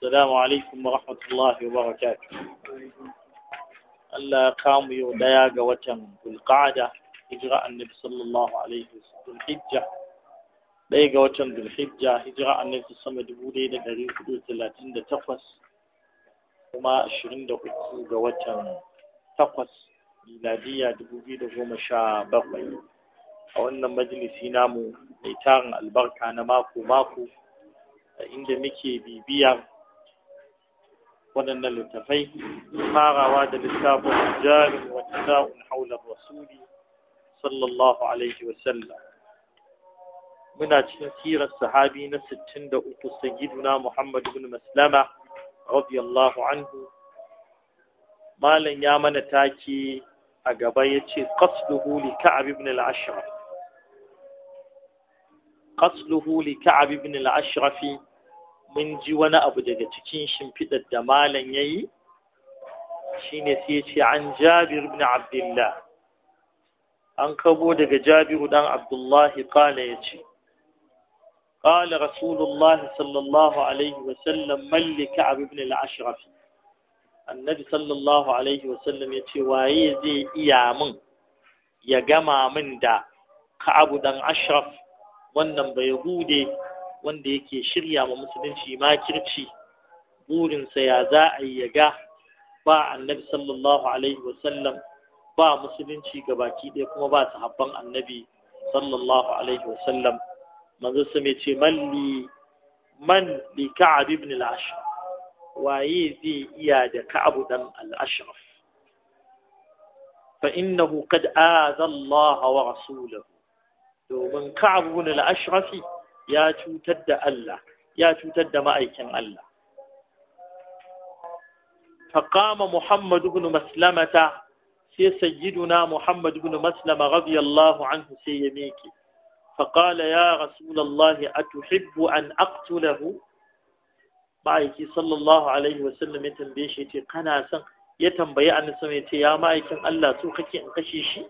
السلام عليكم rahmatullahi wa وبركاته Allah ya kamu yau daya ga watan Bulqada hijira annabi sallallahu alaihi wa wasallam hijja daya ga watan Bulhijja hijira annabi sama dubu daya da ɗari hudu talatin da takwas kuma ashirin da hudu ga watan takwas miladiya dubu biyu da goma sha bakwai a wannan majalisi namu mai tarin albarka na mako mako inda muke bibiyar waɗannan littafai farawa da littafin jari wa nisa'un haular rasuli sallallahu alaihi wa sallam muna cikin sirar sahabi na 63 sayyiduna Muhammad ibn Maslama radiyallahu anhu malam ya mana take a gaba yace qasduhu li Ka'ab ibn al-Ashraf qasduhu li Ka'ab ibn al-Ashraf mun ji wani abu daga cikin shimfiɗar da malam ya yi shi ne sai ya ce an jabir ibn abdullah an kabo daga jabiru dan abdullahi kala ya ce قال رسول الله صلى الله عليه وسلم من لكعب بن الأشرف النبي صلى ya ce waye zai iya زي ya gama min da ka abu دان أشرف wannan bai hude wanda yake shirya wa musulunci makirci burinsa ya za a yi ga ba annabi sallallahu alaihi wasallam ba musulunci ga baki ɗaya kuma ba sahabban annabi sallallahu alaihi wasallam manzo su mai ce malli man li ka'ab ibn al-ashraf waye zai iya da ka'ab dan al-ashraf fa innahu qad aza Allah wa rasuluhu. domin ka'ab ibn al-ashrafi ya cutar da Allah ya cutar da ma'aikin Allah فقام محمد بن مسلمة sai sayyiduna Muhammad ibn Maslama radiyallahu anhu sai ya meke faqala ya rasulullahi atuhibbu an aqtulahu ma'aiki sallallahu alaihi wa sallam ya tambaye shi ce kana son ya tambaye annabi sallallahu ya ce ya ma'aikin Allah so kake in kashe shi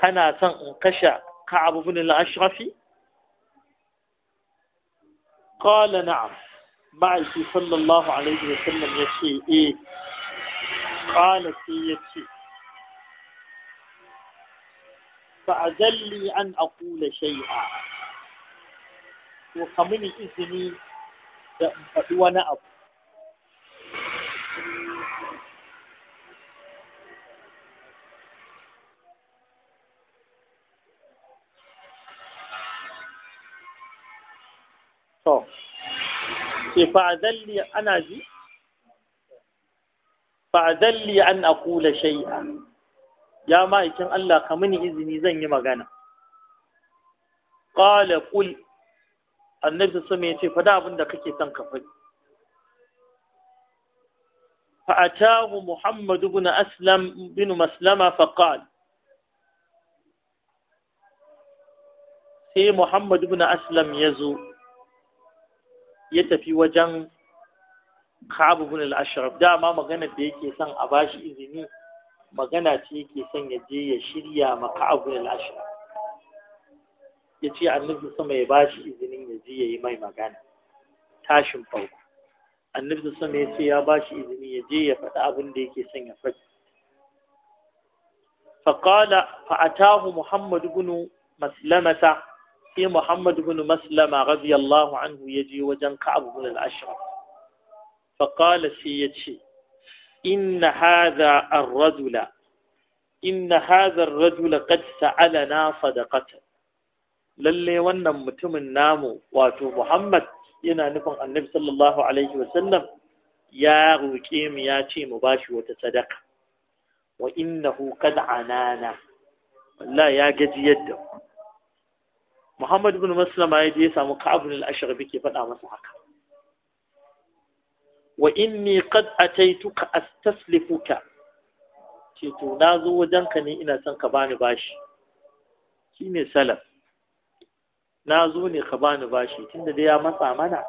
kana son in kashe Ka'ab ibn al-Ashrafi qala na'am ma'aiki sallallahu alaihi wa sallam ya ce eh qala sai ya ce fa'azalli an aqula shay'a to kamuni izini da in faɗi ce fa'azalli ana ji fa'azalli an ya ma'aikin Allah ka mini izini zan yi magana qala qul annabi sallallahu ya ce fada abin da kake son ka faɗi Muhammadu محمد Aslam bin بن مسلمة sai Muhammadu محمد Aslam ya zo. ya tafi wajen kabuhun al’ashirar dama magana da yake son a ba shi izini magana ce yake son ya je ya shirya ma kabuhun al’ashirar ya ce yace annabi sama ya ba shi izinin ya je ya yi mai magana tashin farko annabi sama ya ce ya ba shi izini ya je ya faɗi abin da yake son ya faɗi فقال فأتاه محمد بن مسلمة sai Muhammad bin Maslama radiyallahu anhu ya je wajen Ka'ab bin al-Ashraf fa qala sai yace inna hadha ar-rajula inna hadha ar-rajula qad sa'alana sadaqatan lalle wannan mutumin namu wato Muhammad yana nufin Annabi sallallahu alaihi wa sallam ya roƙe mu ya ce mu bashi wata sadaka wa innahu qad anana wallahi ya gaji yadda Muhammad ibn Maslama ya je ya samu Ka'ab ibn al-Ashraf ke faɗa masa haka wa inni qad ataituka astaslifuka ce to na zo wajenka ne ina son ka bani bashi ne salaf na zo ne ka bani bashi tunda dai ya matsa mana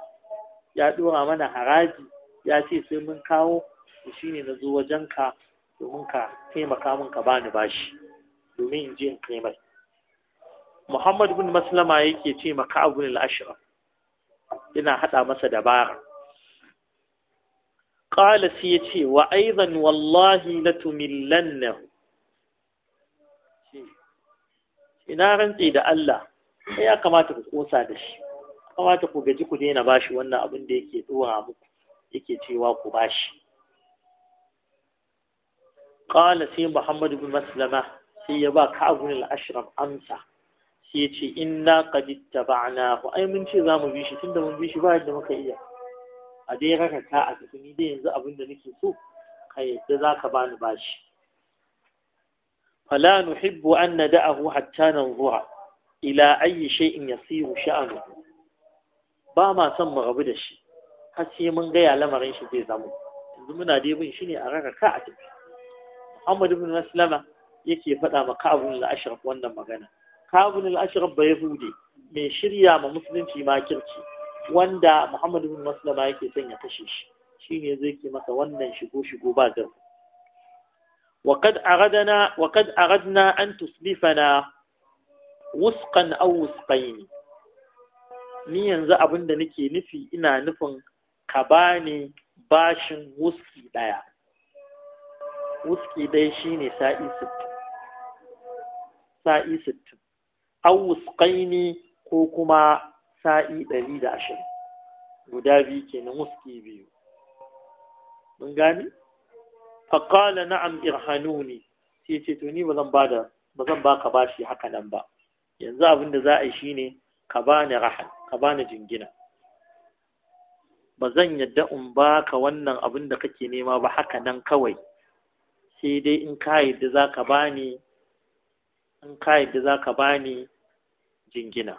ya ɗora mana haraji ya ce sai mun kawo to ne na zo wajenka domin ka taimaka mun ka bani bashi domin in je in kai mai Muhammad bin Maslama yake ce ma Ka'ab bin al-Ashraf ina hada masa dabara qala sai yace wa aidan wallahi latumillannahu ina rantsi da Allah sai ya kamata ku kosa da shi kamata ku gaji ku daina bashi wannan abin da yake ɗora muku yake cewa ku bashi qala sai Muhammad bin Maslama sai ya ba Ka'ab bin al-Ashraf amsa sai ya ce inna qad ku ai mun ce za mu bi shi tunda mun bi shi ba yadda muka iya a dai raka ka a tafi ni dai yanzu abin da nake so ka yadda za ka bani bashi fala nuhibbu an nada'ahu hatta zuwa ila in shay'in yasiru sha'anu ba ma son mu rabu da shi har sai mun gaya lamarin shi zai zamo yanzu muna dai bin shi ne a raka a tafi Muhammad ibn Maslama yake faɗa maka Ka'ab ibn wannan magana kabin al-ashraf bai hude mai shirya ma musulunci ma makirci wanda Muhammadu bin maslama yake son ya kashe shi shine zai ke masa wannan shigo shigo ba gar وقد أردنا وقد أردنا أن na wuskan aw wusqaini ni yanzu abin da nake nufi ina nufin ka bani bashin wuski ɗaya. wuski ɗaya shine sa'i 60 sa'i 60 awusqaini ko kuma sa'i ɗari da ashirin guda biyu kenan wuski biyu mun gani faƙala na'am ne, sai ce to ni ba zan ba ka ba baka bashi haka nan ba yanzu abin da za a yi shine ka bani ka jingina ba zan yadda in baka wannan abin da kake nema ba haka nan kawai sai dai in ka yadda za ka bani in ka yadda za ka bani jingina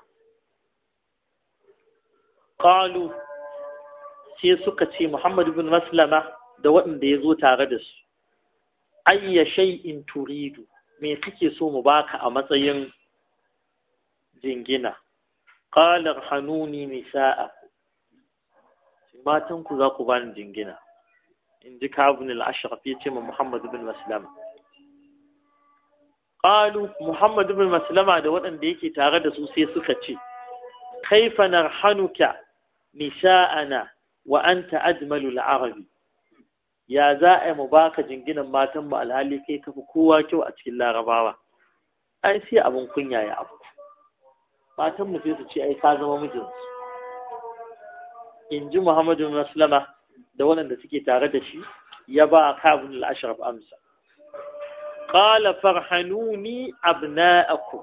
qalu sai suka ce Muhammad bin Maslama da waɗanda ya zo tare da su ayya shay'in turidu me kake so mu baka a matsayin jingina ƙalar hanuni nisa'a matan ku za ku bani jingina in ji kabin ashraf ya ce ma Muhammadu bin Maslama qalu muhammad ibn maslama da waɗanda yake tare da su sai suka ce kaifa narhanuka nisa'ana wa anta ajmalul arabi ya za a yi mu baka jinginan matan mu alhali kai kafi kowa kyau a cikin larabawa ai sai abin kunya ya abu matan mu sai su ce ai ka zama mijinsu in ji muhammadu maslama da waɗanda suke tare da shi ya ba a kabin al'ashraf amsa qala farhanuni abna'akum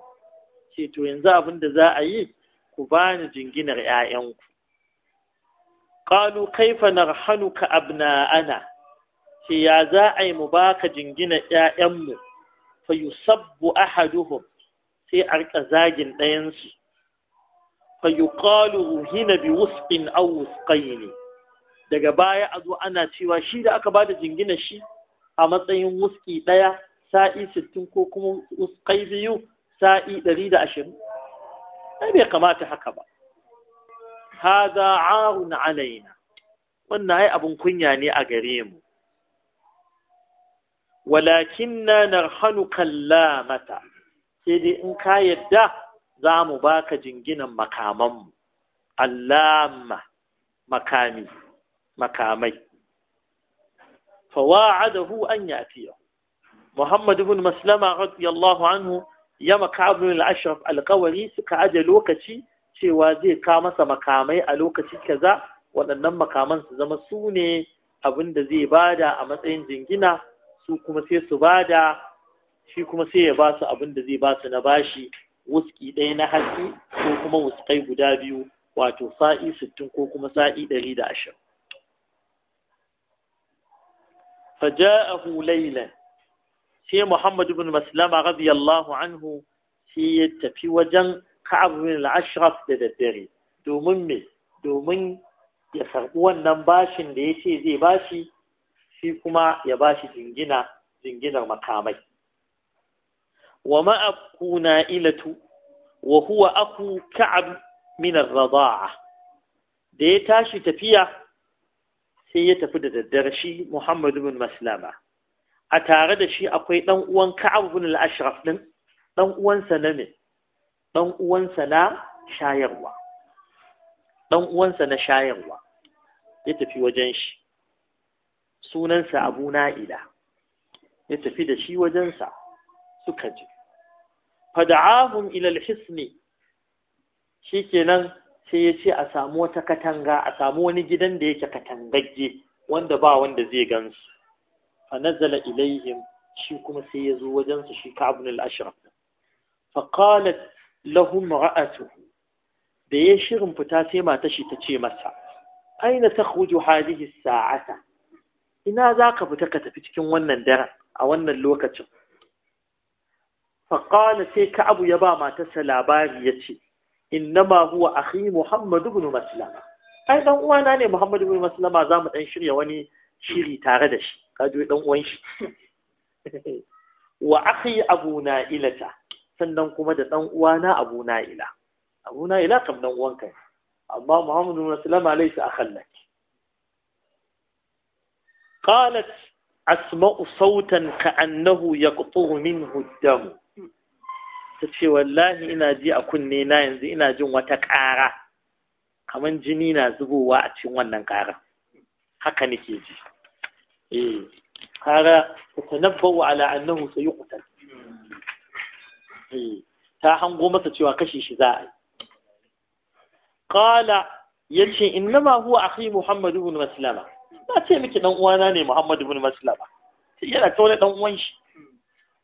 ce to yanzu abin da za a yi ku bani jinginar 'ya'yanku qalu kaifa narhanuka abna'ana ce ya za a yi mu baka jingina 'ya'yanmu fa yusabbu ahaduhum sai a zagin ɗayansu fa yuqalu hina bi wusqin aw wusqayn daga baya a zo ana cewa shi da aka bada jinginar shi a matsayin wuski ɗaya sa'i sittin ko kuma uskai biyu sa'i ɗari da ashirin ai bai kamata haka ba hada arun alaina wannan ai abin kunya ne a gare mu walakin na narhanu kallamata sai dai in ka yadda za mu baka jinginan makamanmu allama makami makamai fawa'adahu an yafiya Muhammadu bin Maslama radiyallahu anhu ya Ka'ab ibn ashraf alƙawari suka aje lokaci cewa zai ka masa makamai a lokaci kaza waɗannan makaman su zama su ne abin da zai bada a matsayin jingina su kuma sai su bada shi kuma sai ya ba su abin da zai ba su na bashi wuski ɗaya na hatsi ko kuma wuskai guda biyu wato sa'i sittin ko kuma sa'i ɗari da ashirin فجاءه ليلا sai Muhammad ibn Maslama radiyallahu anhu sai ya tafi wajen Ka'ab bin al-Ashraf da daddare domin me domin ya karɓi wannan bashin da ya ce zai bashi shi kuma ya bashi jingina jinginar makamai wa ma'akuna ilatu wa huwa aku ka'ab min ar-rada'a da ya tashi tafiya sai ya tafi da daddare shi Muhammad ibn Maslama a tare da shi akwai ɗan uwan Ka'ab ibn al-Ashraf din ɗan uwansa na me ɗan uwansa na shayarwa ɗan uwansa na shayarwa ya tafi wajen shi sunansa Abu Na'ila ya tafi da shi wajensa suka je fada'ahum ila al-hisni shikenan sai ya ce a samu wata katanga a samu wani gidan da yake katangagge wanda ba wanda zai gansu fa nazala ilaihim shi kuma sai yazo wajen su shi ka'ab al-ashraf fa qalat da ya shirin fita sai mata shi ta ce masa aina takhruju hadhihi as ina zaka fita ka tafi cikin wannan daren a wannan lokacin فقال سيك أبو يبا ما تسل باريتي إنما هو أخي محمد بن مسلمة أيضا ne محمد بن مسلمة زامت أن شريا وني shiri tare da shi kaji dan uwan shi wa akhi abu na'ilata sannan kuma da dan uwana abu na'ila abu na'ila kam dan uwanka amma muhammadu bin sallama laysa akhan lak qalat asma'u sautan ka'annahu yaqtu minhu ad-dam tace wallahi ina ji a kunne na yanzu ina jin wata ƙara kaman jini na zubowa a cikin wannan ƙarar haka nake ji eh kaga tanabbu ala annahu sayuqtal eh ta hango masa cewa kashe shi za a yi qala yace innama huwa akhi muhammad ibn maslama na ce miki dan uwana ne muhammad ibn maslama yana ta wani dan uwan shi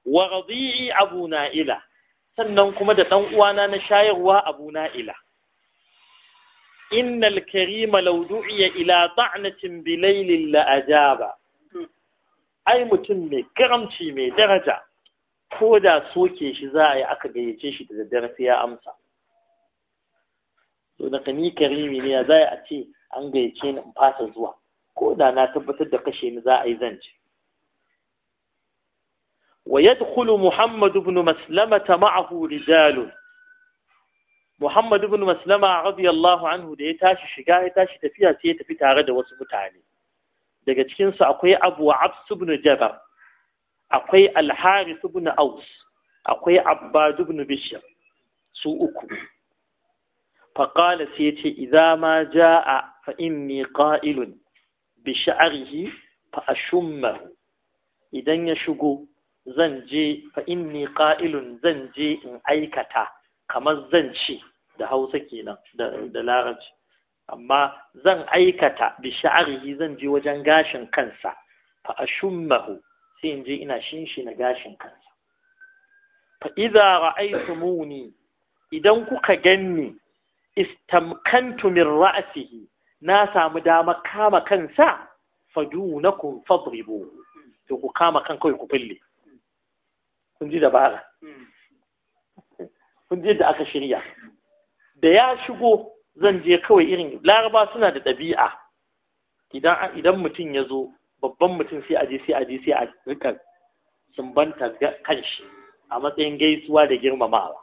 wa radi'i abu na'ila sannan kuma da dan uwana na shayarwa abu na'ila innal karima law ya ila ta'natin bi la'ajaba. la ai mutum mai karamci mai daraja ko da soke shi za a aka gayyace shi da daddare sai ya amsa to daga ni karimi ne za a ce an gayyace ni in fasa zuwa ko da na tabbatar da kashe ni za a yi zance ويدخل محمد بن مسلمة معه رجال Muhammad ibn Maslama radiyallahu anhu da ya tashi shiga ya tashi tafiya sai ya tafi tare da wasu mutane daga cikin su akwai Abu Abs ibn Jabar akwai Al-Harith ibn Aus akwai Abbad ibn Bishr su uku faqala sai yace iza ma jaa fa inni qa'ilun bi sha'rihi fa ashummahu idan ya shigo zan je fa inni qa'ilun zan je in aikata kamar zan ci da hausa kenan da larabci amma zan aikata bi sha'arihi zan je wajen gashin kansa fa ashummahu sai in je ina shinshina gashin kansa fa idza ra'aytumuni idan kuka ganni istamkantu min ra'sihi na samu dama kama kansa fadunakum fadribu to ku kama kan ku fille kun ji dabara hmm. kun je da aka shirya da ya shigo zan je kawai irin laraba suna da ɗabi'a idan idan mutum ya zo babban mutum sai a sai a sai a rika sumbanta kanshi a matsayin gaisuwa da girmamawa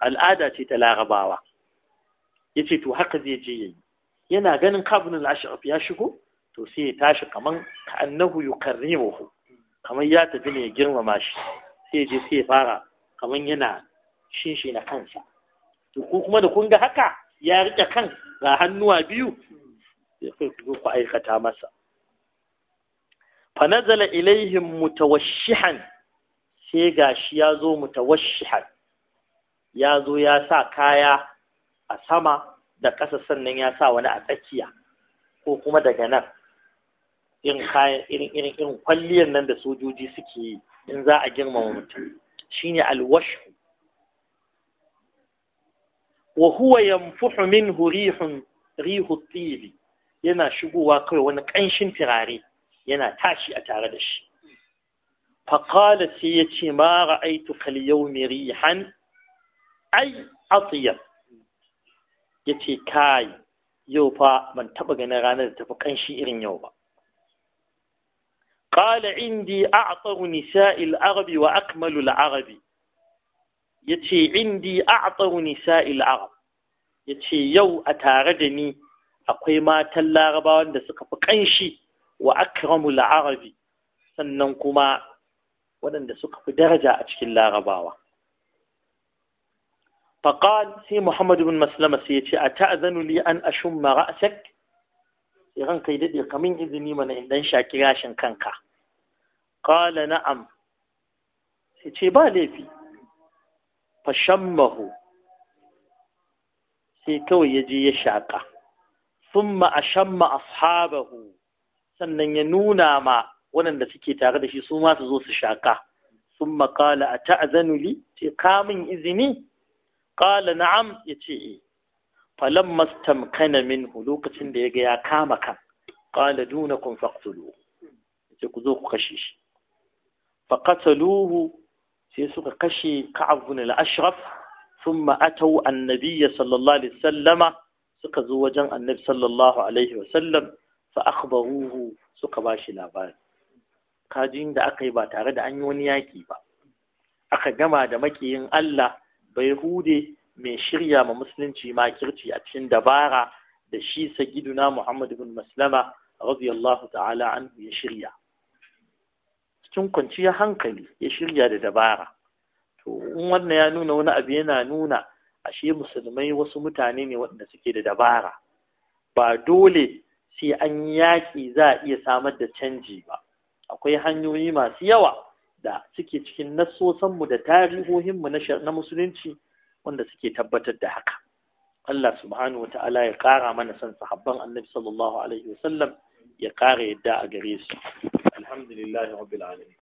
al'ada ce ta larabawa ya ce to haka zai je yayi yana ganin kabin ashraf ya shigo to sai ya tashi kaman ka annahu yukarrimuhu kamar ya tafi ne ya girmama shi sai je sai ya fara kaman yana shi na kansa ko kuma da kun ga haka ya rike kan ga hannuwa biyu Ya ku aikata masa fanazala Ilaihin ilaihim sai sai gashi ya zo mutawashihan ya zo ya sa kaya a sama da ƙasa sannan ya sa wani a tsakiya ko kuma daga nan irin irin kwalliyar nan da sojoji suke yi in za a girmama mutum shine alwashu وهو ينفح منه ريح ريح الطيب ينا شبو واقوي وانا كنشن تغاري ينا تاشي أتاردش فقالت سيتي ما رأيت اليوم ريحا أي أطيب يتي كاي يوبا من تبقى نغانا تبقى كنشي إرين يوبا قال عندي أعطر نساء العرب وأكمل العربي ya ce indi a'tsaru nisa'il arab ya ce yau a tare da ni akwai matan larabawan da suka fi kanshi wa akramul arabi sannan kuma waɗanda suka fi daraja a cikin larabawa faƙal sai muhammadu bin maslama sai ya ce a ta'azanu li an ashumma ra'sak sai ranka yi daɗe kamin izini mana in ɗan shaki rashin kanka qala na'am sai ce ba laifi fashammahu sai kawai ya je ya shaƙa thumma ashamma ashabahu sannan ya nuna ma waɗanda suke tare da shi su ma su zo su shaƙa thumma qala ata'zanu li ce ka min izini qala na'am ya yace eh falamma istamkana minhu lokacin da yaga ya kama kan qala dunakum faqtuluhu ce ku zo ku kashe shi faqataluhu sai suka kashe Ka'ab bin al-Ashraf thumma atau annabiya sallallahu alaihi wasallama suka zo wajen annabi sallallahu alaihi wasallam fa akhbaruhu suka bashi labari kajin da aka yi ba tare da an yi wani yaƙi ba aka gama da makiyin Allah Baihude, mai shirya ma musulunci ma kirci a cikin dabara da shi sagiduna Muhammad bin Maslama radiyallahu ta'ala anhu ya shirya cikin kwanciyar hankali ya shirya da dabara to in wannan ya nuna wani abu yana nuna ashe musulmai wasu mutane ne waɗanda suke da dabara ba dole sai an yaƙi za a iya samar da canji ba akwai hanyoyi masu yawa da suke cikin nasosanmu da tarihohinmu na musulunci wanda suke tabbatar da haka Allah subhanahu wa ta'ala ya ƙara mana son sahabban annabi sallallahu alaihi sallam يقاري الداء قريس الحمد لله رب العالمين